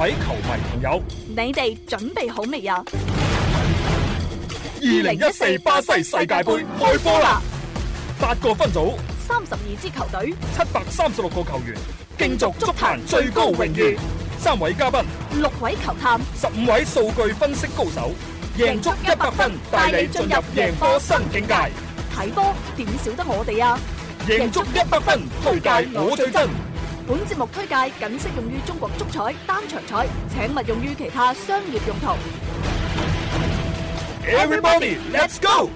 各位球迷朋友，你哋準備好未呀？二零一四巴西世界盃開波啦！八個分組，三十二支球隊，七百三十六個球員，競逐足壇最高榮譽。三位嘉賓，六位球探，十五位數據分析高手，贏足一百分，帶你進入贏波新境界。睇波點少得我哋啊！贏足一百分，推介我最真。本節目推介僅適用於中國足彩單場彩，請勿用於其他商業用途。Everybody, let's go！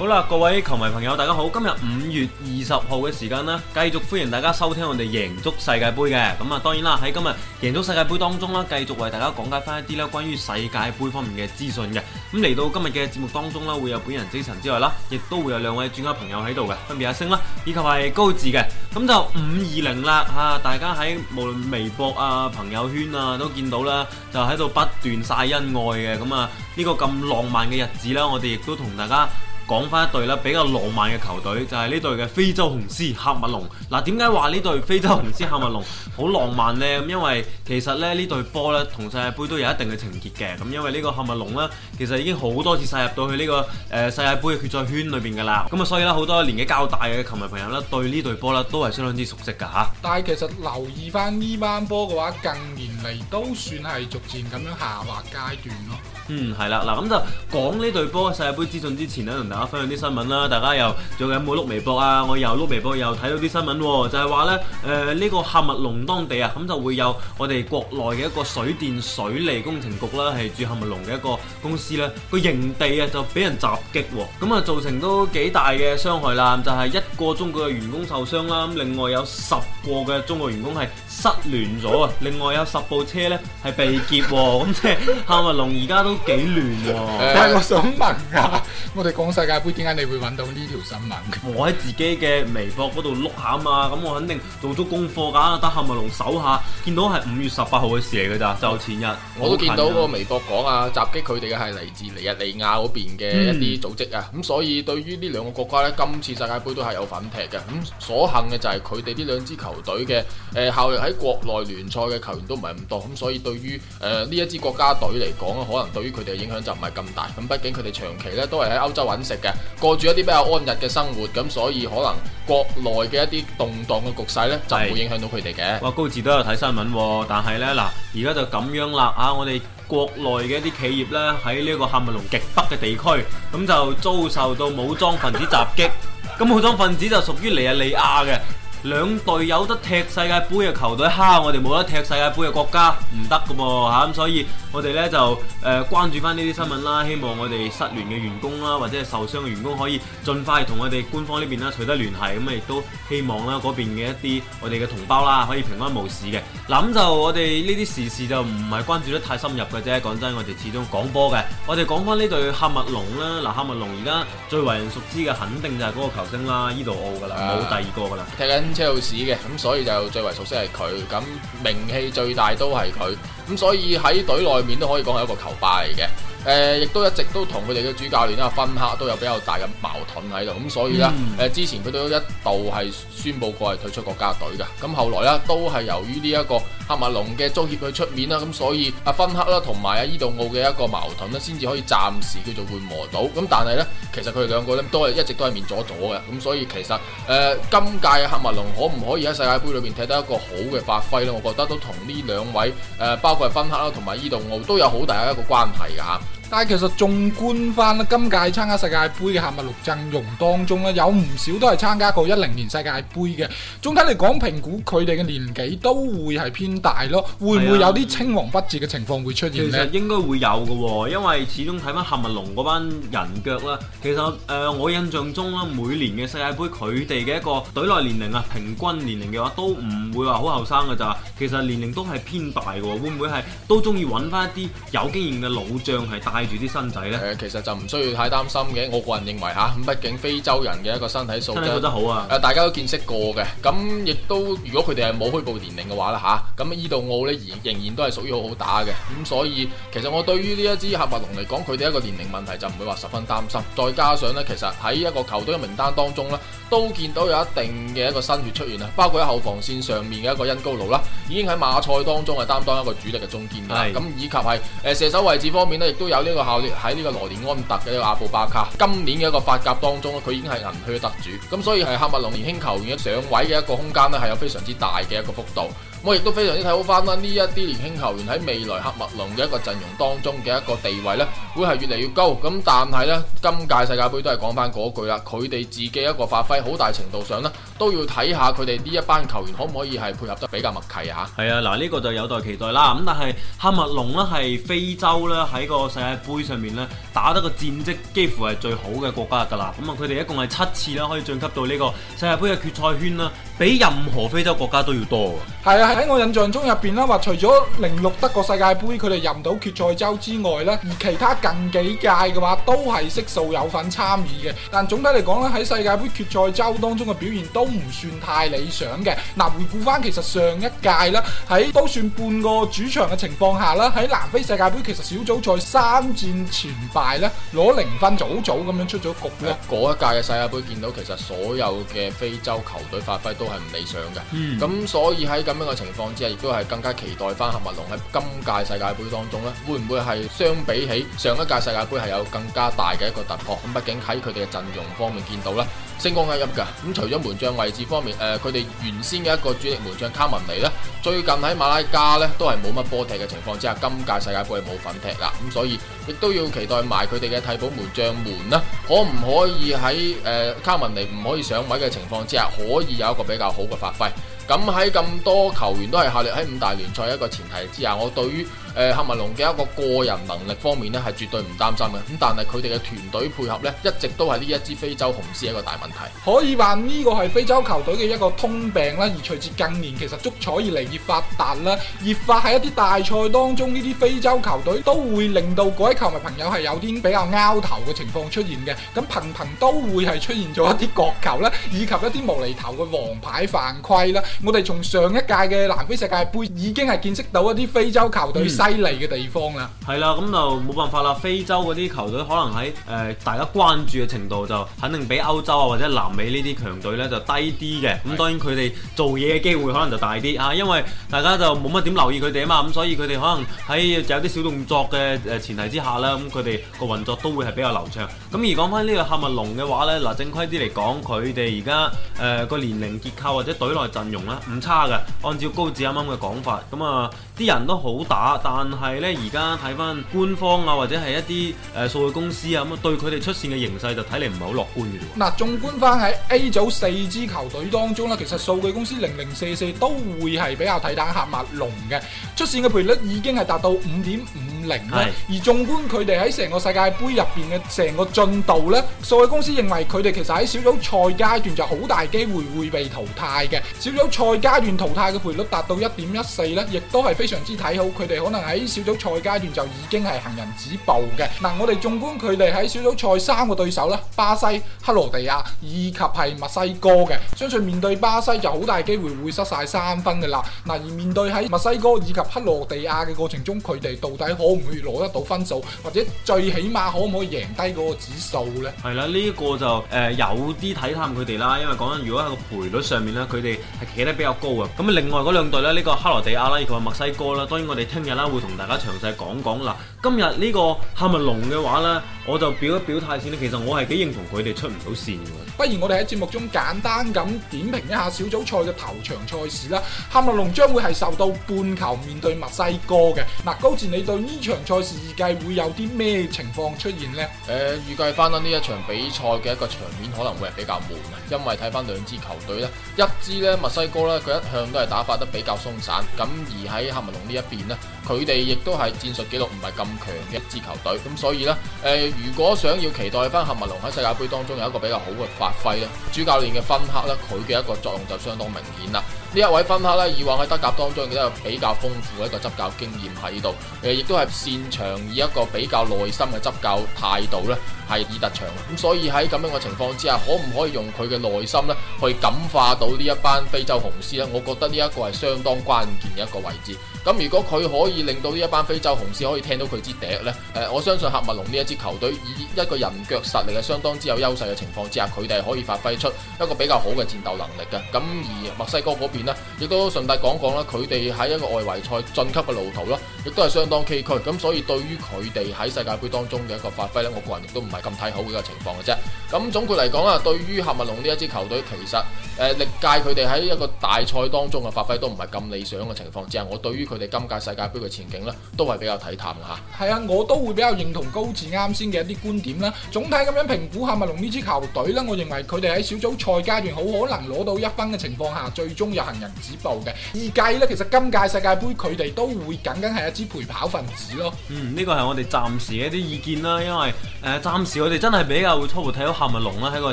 好啦，各位球迷朋友，大家好！今日五月二十號嘅時間啦，繼續歡迎大家收聽我哋贏足世界杯嘅，咁啊。當然啦，喺今日贏足世界杯當中啦，繼續為大家講解翻一啲啦，關於世界杯方面嘅資訊嘅，咁嚟，到今日嘅節目當中啦，會有本人精神之外啦，亦都會有兩位專家朋友喺度嘅，分別阿星啦以及係高智嘅。咁就五二零啦吓，大家喺無論微博啊、朋友圈啊都見到啦，就喺度不斷曬恩愛嘅，咁啊，呢個咁浪漫嘅日子啦，我哋亦都同大家。講翻一隊啦，比較浪漫嘅球隊就係、是、呢隊嘅非洲雄獅喀麥隆。嗱，點解話呢隊非洲雄獅喀麥隆好浪漫呢？咁因為其實咧呢隊波咧同世界盃都有一定嘅情結嘅。咁因為呢個喀麥隆咧其實已經好多次晒入到去呢個誒世界盃嘅決賽圈裏邊㗎啦。咁啊，所以啦，好多年紀較大嘅球迷朋友咧對呢隊波咧都係相當之熟悉㗎吓。但係其實留意翻呢班波嘅話，近年嚟都算係逐漸咁樣下滑階段咯。嗯，係啦，嗱咁就講呢對波世界杯資訊之前咧，同大家分享啲新聞啦。大家又最近有冇碌微博啊？我又碌微博，又睇到啲新聞喎、啊，就係、是、話呢呢、呃這個喀麥隆當地啊，咁就會有我哋國內嘅一個水電水利工程局啦，係住喀麥隆嘅一個公司呢。這個營地就啊就俾人襲擊，咁啊造成都幾大嘅傷害啦，就係、是、一個中國嘅員工受傷啦、啊，咁另外有十。過嘅中國員工係失聯咗啊！另外有十部車咧係被劫喎，咁即係喀麥隆而家都幾亂喎。誒，我想問啊，我哋講世界盃點解你會揾到呢條新聞嘅？我喺自己嘅微博嗰度碌下啊嘛，咁我肯定做足功課噶，得喀麥隆搜下，見到係五月十八號嘅事嚟噶咋，就前日。我都見到個微博講啊，襲擊佢哋嘅係嚟自尼日利亞嗰邊嘅一啲組織啊，咁所以對於呢兩個國家咧，今次世界盃都係有份踢嘅。咁所幸嘅就係佢哋呢兩支球。球隊嘅誒效力喺國內聯賽嘅球員都唔係咁多，咁所以對於誒呢一支國家隊嚟講，可能對於佢哋嘅影響就唔係咁大。咁畢竟佢哋長期咧都係喺歐洲揾食嘅，過住一啲比較安逸嘅生活，咁所以可能國內嘅一啲動盪嘅局勢咧就冇影響到佢哋嘅。哇，高智都有睇新聞、啊，但係呢，嗱，而家就咁樣啦吓，我哋國內嘅一啲企業咧喺呢個喀麥隆極北嘅地區，咁就遭受到武裝分子襲擊，咁武裝分子就屬於尼日利亞嘅。兩隊有得踢世界杯嘅球隊，哈！我哋冇得踢世界杯嘅國家，唔得噶噃吓咁，所以我哋咧就誒、呃、關注翻呢啲新聞啦。希望我哋失聯嘅員工啦，或者係受傷嘅員工可以盡快同我哋官方呢邊啦取得聯繫。咁、嗯、亦都希望啦嗰邊嘅一啲我哋嘅同胞啦可以平安無事嘅。嗱、啊、咁就我哋呢啲時事就唔係關注得太深入嘅啫。講真，我哋始終講波嘅。我哋講翻呢隊喀麥隆啦，嗱，喀麥隆而家最為人熟知嘅肯定就係嗰個球星啦，伊度奧噶啦，冇、啊、第二個噶啦，車路士嘅，咁所以就最為熟悉係佢，咁名氣最大都係佢，咁所以喺隊內面都可以講係一個球霸嚟嘅，誒、呃，亦都一直都同佢哋嘅主教練啊芬克都有比較大嘅矛盾喺度，咁所以呢，誒、嗯，之前佢都一度係宣佈過係退出國家隊嘅，咁後來呢，都係由於呢一個。喀麥隆嘅足協去出面啦，咁所以阿芬克啦同埋阿伊道奧嘅一個矛盾咧，先至可以暫時叫做緩和到。咁但係呢，其實佢哋兩個呢都係一直都係面咗咗嘅。咁所以其實誒、呃、今屆嘅喀麥隆可唔可以喺世界杯裏邊睇到一個好嘅發揮呢？我覺得都同呢兩位誒、呃，包括阿芬克啦同埋伊道奧都有好大一個關係㗎嚇。但係其實縱觀翻咧今屆參加世界杯嘅喀麥隆陣容當中咧，有唔少都係參加過一零年世界杯嘅。總體嚟講，評估佢哋嘅年紀都會係偏大咯。會唔會有啲青黃不接嘅情況會出現？其實應該會有嘅喎，因為始終睇翻喀麥隆嗰班人腳啦。其實誒、呃，我印象中咧，每年嘅世界杯，佢哋嘅一個隊內年齡啊，平均年齡嘅話都唔會話好後生嘅咋。其實年齡都係偏大嘅喎，會唔會係都中意揾翻一啲有經驗嘅老將係帶？係住啲身仔咧？誒，其實就唔需要太擔心嘅。我個人認為嚇，咁畢竟非洲人嘅一個身體素質都好啊。誒，大家都見識過嘅。咁亦都，如果佢哋係冇虛報年齡嘅話咧嚇，咁依度澳咧仍仍然都係屬於好好打嘅。咁所以，其實我對於呢一支喀麥隆嚟講，佢哋一個年齡問題就唔會話十分擔心。再加上咧，其實喺一個球隊嘅名單當中咧，都見到有一定嘅一個新血出現啊，包括喺後防線上面嘅一個恩高奴啦，已經喺馬賽當中係擔當一個主力嘅中堅㗎。咁，以及係誒射手位置方面咧，亦都有呢、這個效力喺呢個羅連安特嘅呢個阿布巴卡，今年嘅一個法甲當中咧，佢已經係銀靴得主，咁所以係喀麥隆年輕球員嘅上位嘅一個空間咧，係有非常之大嘅一個幅度。我亦都非常之睇好翻啦，呢一啲年輕球員喺未來喀麥隆嘅一個陣容當中嘅一個地位呢，會係越嚟越高。咁但係呢，今屆世界盃都係講翻嗰句啦，佢哋自己一個發揮好大程度上呢，都要睇下佢哋呢一班球員可唔可以係配合得比較默契啊？係啊，嗱，呢個就有待期待啦。咁但係喀麥隆呢，係非洲呢，喺個世界盃上面呢，打得個戰績幾乎係最好嘅國家㗎啦。咁啊，佢哋一共係七次啦，可以晉級到呢個世界盃嘅決賽圈啦，比任何非洲國家都要多。係啊。喺我印象中入邊啦，話除咗零六德國世界盃佢哋入唔到決賽周之外咧，而其他近幾屆嘅話都係悉數有份參與嘅。但總體嚟講咧，喺世界盃決賽周當中嘅表現都唔算太理想嘅。嗱，回顧翻，其實上一屆咧，喺都算半個主場嘅情況下啦，喺南非世界盃其實小組賽三戰全敗咧，攞零分，早早咁樣出咗局。喎，嗰一屆嘅世界盃見到其實所有嘅非洲球隊發揮都係唔理想嘅。嗯，咁所以喺咁樣嘅。情況之下，亦都係更加期待翻喀麥隆喺今屆世界杯當中咧，會唔會係相比起上一屆世界杯係有更加大嘅一個突破？咁畢竟喺佢哋嘅陣容方面見到啦，星光熠熠噶。咁除咗門將位置方面，誒、呃，佢哋原先嘅一個主力門將卡文尼呢，最近喺馬拉加咧都係冇乜波踢嘅情況之下，今屆世界杯冇份踢啦。咁所以亦都要期待埋佢哋嘅替補門將門啦，可唔可以喺誒、呃、卡文尼唔可以上位嘅情況之下，可以有一個比較好嘅發揮？咁喺咁多球員都係效力喺五大聯賽一個前提之下，我對於誒喀麥隆嘅一個個人能力方面呢，係絕對唔擔心嘅。咁但係佢哋嘅團隊配合呢，一直都係呢一支非洲雄獅一個大問題。可以話呢個係非洲球隊嘅一個通病啦。而隨住近年其實足彩越嚟越發達啦，越發喺一啲大賽當中，呢啲非洲球隊都會令到各位球迷朋友係有啲比較拗頭嘅情況出現嘅。咁頻頻都會係出現咗一啲角球啦，以及一啲無厘頭嘅黃牌犯規啦。我哋從上一屆嘅南非世界盃已經係見識到一啲非洲球隊犀利嘅地方啦。係啦，咁就冇辦法啦。非洲嗰啲球隊可能喺誒、呃、大家關注嘅程度就肯定比歐洲啊或者南美呢啲強隊呢就低啲嘅。咁當然佢哋做嘢嘅機會可能就大啲啊，因為大家就冇乜點留意佢哋啊嘛。咁所以佢哋可能喺有啲小動作嘅誒前提之下呢，咁佢哋個運作都會係比較流暢。咁而講翻呢個喀麥隆嘅話呢，嗱正規啲嚟講，佢哋而家誒個年齡結構或者隊內陣容。唔差嘅，按照高志啱啱嘅講法，咁啊啲人都好打，但係呢，而家睇翻官方啊，或者係一啲呃數據公司啊，咁對佢哋出線嘅形勢就睇嚟唔係好樂觀嘅。嗱，縱觀翻喺 A 組四支球隊當中呢，其實數據公司零零四四都會係比較睇淡，喀麥隆嘅出線嘅賠率已經係達到五點五。零咧，而縱觀佢哋喺成個世界盃入邊嘅成個進度咧，數位公司認為佢哋其實喺小組賽階段就好大機會會被淘汰嘅。小組賽階段淘汰嘅賠率達到一點一四咧，亦都係非常之睇好佢哋可能喺小組賽階段就已經係行人止步嘅。嗱，我哋縱觀佢哋喺小組賽三個對手咧，巴西、克羅地亞以及係墨西哥嘅，相信面對巴西就好大機會會失曬三分嘅啦。嗱，而面對喺墨西哥以及克羅地亞嘅過程中，佢哋到底可可唔可以攞得到分數，或者最起碼可唔可以贏低嗰個指數呢？係啦，呢、這、一個就誒、呃、有啲睇探佢哋啦，因為講緊如果喺個賠率上面呢，佢哋係企得比較高嘅。咁另外嗰兩隊呢，呢、這個克羅地亞啦，以及墨西哥啦，當然我哋聽日啦會同大家詳細講講啦。今日呢個喀麥隆嘅話呢，我就表一表態先。其實我係幾認同佢哋出唔到線嘅。不如我哋喺節目中簡單咁點評一下小組賽嘅頭場賽事啦。喀麥隆將會係受到半球面對墨西哥嘅。嗱、呃，高志，你對呢？呢場賽事預計會有啲咩情況出現呢？誒、呃，預計翻啦，呢一場比賽嘅一個場面可能會係比較悶啊，因為睇翻兩支球隊咧，一支咧墨西哥咧，佢一向都係打法得比較鬆散，咁而喺喀麥隆呢一邊呢，佢哋亦都係戰術記錄唔係咁強嘅一支球隊，咁所以咧，誒、呃，如果想要期待翻喀麥隆喺世界杯當中有一個比較好嘅發揮咧，主教練嘅芬克咧，佢嘅一個作用就相當明顯啦。呢一位芬克咧，以往喺德甲當中嘅一個比較豐富嘅一個執教經驗喺度，誒，亦都係擅長以一個比較耐心嘅執教態度咧，係以特長。咁所以喺咁樣嘅情況之下，可唔可以用佢嘅耐心咧，去感化到呢一班非洲雄獅呢？我覺得呢一個係相當關鍵嘅一個位置。咁如果佢可以令到呢一班非洲雄獅可以聽到佢支笛呢，呃，我相信喀麥隆呢一支球隊以一個人腳實力係相當之有優勢嘅情況之下，佢哋係可以發揮出一個比較好嘅戰鬥能力嘅。咁而墨西哥嗰邊呢，亦都順帶講講啦，佢哋喺一個外圍賽晉級嘅路途啦，亦都係相當崎嶇。咁所以對於佢哋喺世界杯當中嘅一個發揮呢，我個人亦都唔係咁睇好嘅情況嘅啫。咁總括嚟講啊，對於喀麥隆呢一支球隊，其實誒、呃、歷屆佢哋喺一個大賽當中嘅發揮都唔係咁理想嘅情況之下，只我對於佢哋今屆世界杯嘅前景呢，都係比較睇淡啦嚇。係啊，我都會比較認同高志啱先嘅一啲觀點啦。總體咁樣評估喀麥隆呢支球隊咧，我認為佢哋喺小組賽階段好可能攞到一分嘅情況下，最終有行人止步嘅。意計呢，其實今屆世界杯佢哋都會僅僅係一支陪跑分子咯。嗯，呢個係我哋暫時嘅一啲意見啦，因為誒、呃、暫時我哋真係比較會初步睇到。喀麥隆啦，喺個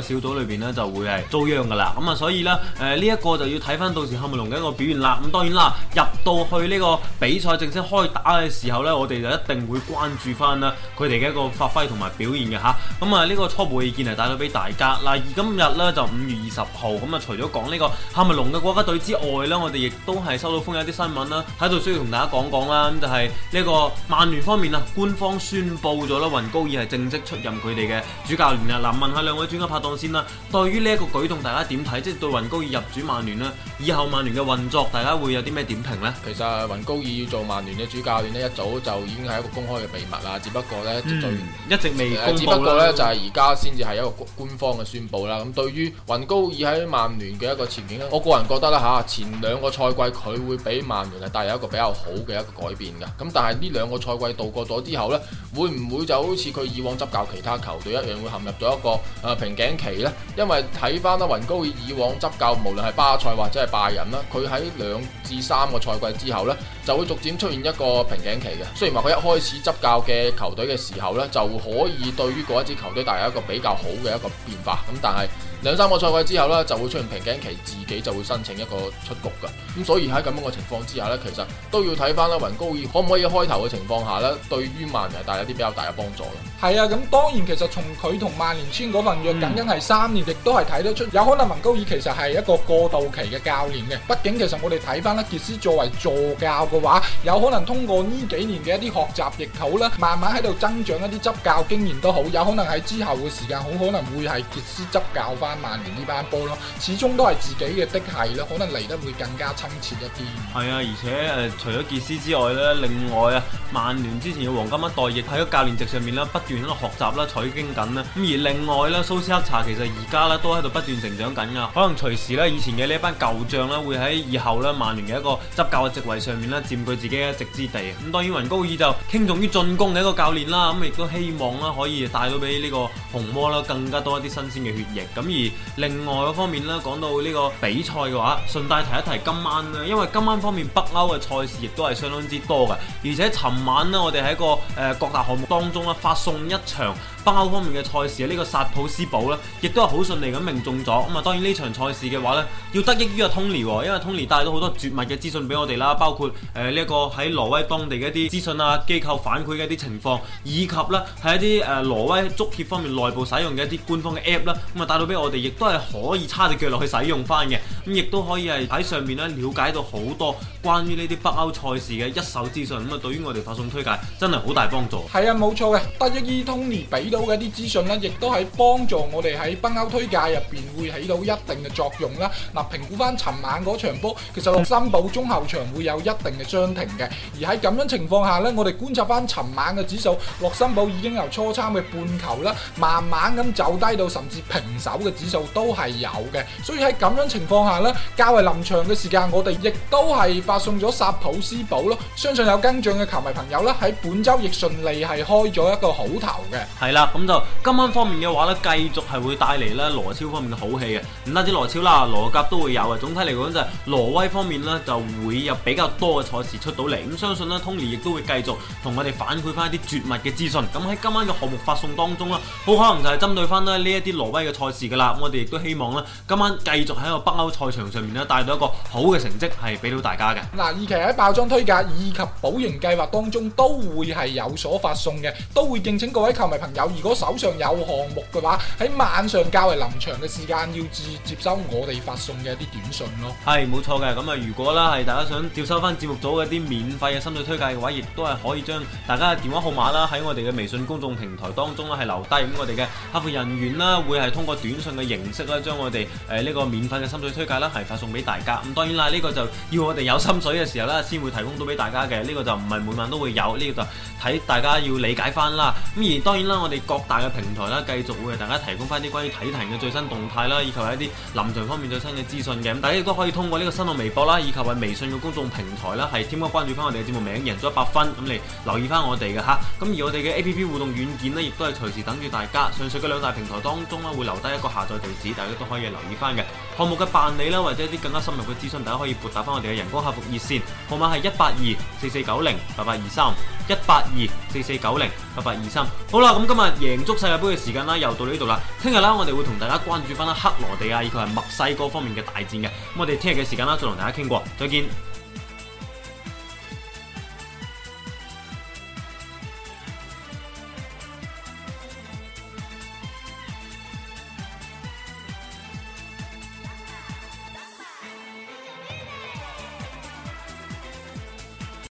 小組裏邊咧，就會係遭殃噶啦，咁啊，所以咧誒呢一、呃這個就要睇翻到時喀麥隆嘅一個表現啦。咁當然啦，入到去呢個比賽正式開打嘅時候咧，我哋就一定會關注翻啦，佢哋嘅一個發揮同埋表現嘅吓。咁啊，呢個初步意見係帶咗俾大家嗱，而今日咧就五月二十號，咁、嗯、啊除咗講呢個喀麥隆嘅國家隊之外啦，我哋亦都係收到封有一啲新聞啦，喺度需要同大家講講啦。咁就係呢個曼聯方面啊，官方宣布咗啦，雲高爾係正式出任佢哋嘅主教練啊。兩位專家拍檔先啦，對於呢一個舉動，大家點睇？即係對雲高爾入主曼聯咧，以後曼聯嘅運作，大家會有啲咩點評呢？其實雲高爾要做曼聯嘅主教練呢，一早就已經係一個公開嘅秘密啦。只不過呢，嗯、一直未，只不過呢，就係而家先至係一個官方嘅宣佈啦。咁對於雲高爾喺曼聯嘅一個前景，呢，我個人覺得啦嚇，前兩個賽季佢會俾曼聯係帶有一個比較好嘅一個改變嘅。咁但係呢兩個賽季度過咗之後呢，會唔會就好似佢以往執教其他球隊一樣，會陷入咗一個啊、呃，瓶頸期咧，因為睇返啦，雲高爾以，以往執教，無論係巴塞或者係拜仁啦，佢喺兩至三個賽季之後咧，就會逐漸出現一個瓶頸期嘅。雖然話佢一開始執教嘅球隊嘅時候咧，就可以對於嗰一支球隊帶嚟一個比較好嘅一個變化，咁但係。兩三個賽季之後咧，就會出現瓶頸期，自己就會申請一個出局噶。咁所以喺咁樣嘅情況之下咧，其實都要睇翻啦，雲高爾可唔可以開頭嘅情況下咧，對於曼聯帶有啲比較大嘅幫助啦。係啊，咁當然其實從佢同曼聯簽嗰份約，僅僅係三年，亦都係睇得出，有可能雲高爾其實係一個過渡期嘅教練嘅。畢竟其實我哋睇翻啦，傑斯作為助教嘅話，有可能通過呢幾年嘅一啲學習亦好啦，慢慢喺度增長一啲執教經驗都好，有可能喺之後嘅時間好可能會係傑斯執教翻曼聯呢班波咯，始終都係自己嘅嫡系咯，可能嚟得會更加親切一啲。係啊，而且誒、呃，除咗傑斯之外咧，另外啊，曼聯之前嘅黃金一代亦喺個教練席上面咧，不斷喺度學習啦、取經緊啦。咁而另外咧，蘇斯克查其實而家咧都喺度不斷成長緊噶可能隨時咧，以前嘅呢一班舊將咧，會喺以後咧曼聯嘅一個執教嘅職位上面咧，佔據自己一席之地。咁當然雲高爾就傾重於進攻嘅一個教練啦，咁亦都希望啦，可以帶到俾呢個紅魔啦，更加多一啲新鮮嘅血液。咁而另外一方面咧，講到呢個比賽嘅話，順帶提一提今晚呢，因為今晚方面北歐嘅賽事亦都係相當之多嘅，而且尋晚呢，我哋喺個誒、呃、各大項目當中呢，發送一場北歐方面嘅賽事，呢、這個薩普斯堡咧，亦都係好順利咁命中咗。咁啊，當然呢場賽事嘅話呢，要得益於阿 Tony，哦、因為 Tony 帶咗好多絕密嘅資訊俾我哋啦，包括誒呢一個喺挪威當地嘅一啲資訊啊、機構反饋嘅一啲情況，以及呢係一啲誒、呃、挪威足協方面內部使用嘅一啲官方嘅 App 啦，咁啊帶到俾我。我哋亦都係可以叉隻腳落去使用翻嘅，咁亦都可以係喺上面咧瞭解到好多關於呢啲北歐賽事嘅一手資訊。咁啊，對於我哋發送推介真係好大幫助。係啊，冇錯嘅，得益於 Tony 俾到嘅啲資訊咧，亦都係幫助我哋喺北歐推介入邊會起到一定嘅作用啦。嗱、啊，評估翻尋晚嗰場波，其實洛森堡中後場會有一定嘅傷停嘅，而喺咁樣的情況下咧，我哋觀察翻尋晚嘅指數，洛森堡已經由初參嘅半球啦，慢慢咁走低到甚至平手嘅。指數都係有嘅，所以喺咁樣情況下呢，較為臨場嘅時間，我哋亦都係發送咗薩普斯堡咯。相信有跟漲嘅球迷朋友呢，喺本週亦順利係開咗一個好頭嘅。係啦，咁就今晚方面嘅話呢，繼續係會帶嚟呢羅超方面嘅好戲嘅。唔單止羅超啦，羅甲都會有嘅。總體嚟講就係挪威方面呢就會有比較多嘅賽事出到嚟。咁相信呢 Tony 亦都會繼續同我哋反饋翻一啲絕密嘅資訊。咁喺今晚嘅項目發送當中啦，好可能就係針對翻咧呢一啲挪威嘅賽事噶啦。我哋亦都希望咧，今晚繼續喺個北歐賽場上面咧，帶到一個好嘅成績，係俾到大家嘅。嗱，二期喺爆裝推介以及保營計劃當中，都會係有所發送嘅，都會敬請各位球迷朋友，如果手上有項目嘅話，喺晚上較為臨場嘅時間，要接收我哋發送嘅一啲短信咯。係，冇錯嘅。咁啊，如果啦係大家想接收翻節目組嘅一啲免費嘅深度推介嘅話，亦都係可以將大家嘅電話號碼啦，喺我哋嘅微信公眾平台當中咧，係留低。咁我哋嘅客服人員啦，會係通過短信，嘅形式啦，將我哋誒呢個免費嘅心水推介啦，係發送俾大家。咁當然啦，呢、這個就要我哋有心水嘅時候啦，先會提供到俾大家嘅。呢、這個就唔係每晚都會有，呢、這個就睇大家要理解翻啦。咁而當然啦，我哋各大嘅平台啦，繼續會為大家提供翻啲關於體壇嘅最新動態啦，以及一啲臨場方面最新嘅資訊嘅。咁大家亦都可以通過呢個新浪微博啦，以及微信嘅公眾平台啦，係添加關注翻我哋嘅節目名《贏咗一百分》咁嚟留意翻我哋嘅吓。咁而我哋嘅 A P P 互動軟件呢，亦都係隨時等住大家。上述嘅兩大平台當中咧，會留低一個下。地址，大家都可以留意翻嘅項目嘅辦理啦，或者一啲更加深入嘅諮詢，大家可以撥打翻我哋嘅人工客服熱線，號碼係一八二四四九零八八二三一八二四四九零八八二三。好啦，咁今日贏足世界杯嘅時間啦，又到呢度啦，聽日啦，我哋會同大家關注翻克羅地亞以及係墨西哥方面嘅大戰嘅。咁我哋聽日嘅時間啦，再同大家傾過，再見。